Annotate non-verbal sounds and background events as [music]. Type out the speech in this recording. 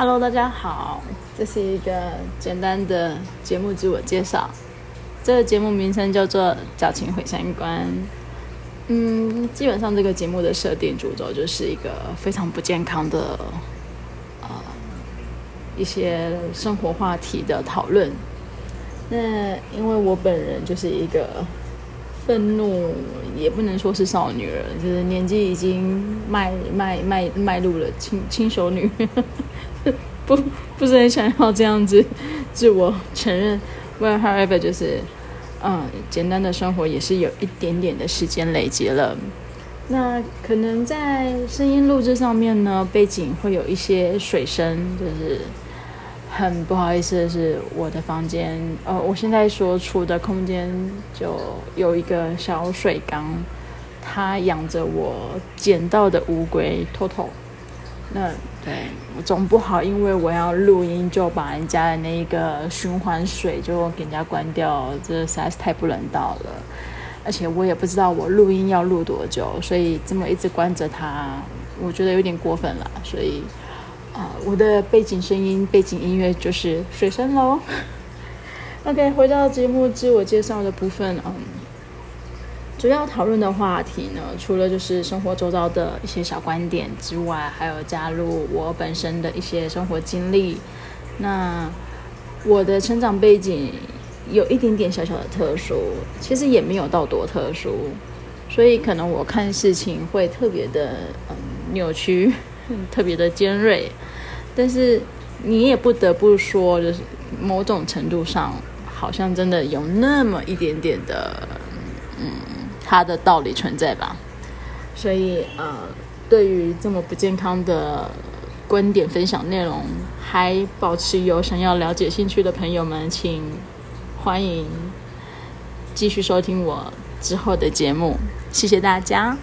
Hello，大家好，這是一個簡單的節目自我介紹。這個節目名稱叫做《矯情毀三觀》。嗯，基本上這個節目的設定主軸就是一個非常不健康的，呃，一些生活話題的討論。那因為我本人就是一個。憤怒也不能說是少女了，就是年紀已經邁邁邁邁入了輕輕熟女， [laughs] 不不是很想要這樣子自我承認。Well, however，就是嗯，簡單的生活也是有一點點的時間累積了。那可能在聲音錄制上面呢，背景會有一些水聲，就是。很不好意思的是，我的房間，呃，我現在所處的空間就有一個小水缸，它養着我撿到的烏龜托托。那對，總不好，因為我要錄音就把人家的那一個循環水就給人家關掉，這實在是太不人道了。而且我也不知道我錄音要錄多久，所以這麼一直關着它，我覺得有點過分了，所以。我的背景聲音、背景音樂就是水聲嘍。OK，回到節目自我介紹的部分，嗯，主要討論的話題呢，除了就是生活周遭的一些小觀點之外，還有加入我本身的一些生活經歷。那我的成長背景有一點點小小的特殊，其實也沒有到多特殊，所以可能我看事情會特別的嗯扭曲。特別的尖銳，但是你也不得不說，就是某種程度上，好像真的有那麼一點點的，嗯，他的道理存在吧。所以呃，對於這麼不健康的觀點分享內容，還保持有想要了解興趣的朋友們，請歡迎繼續收聽我之後的節目。謝謝大家。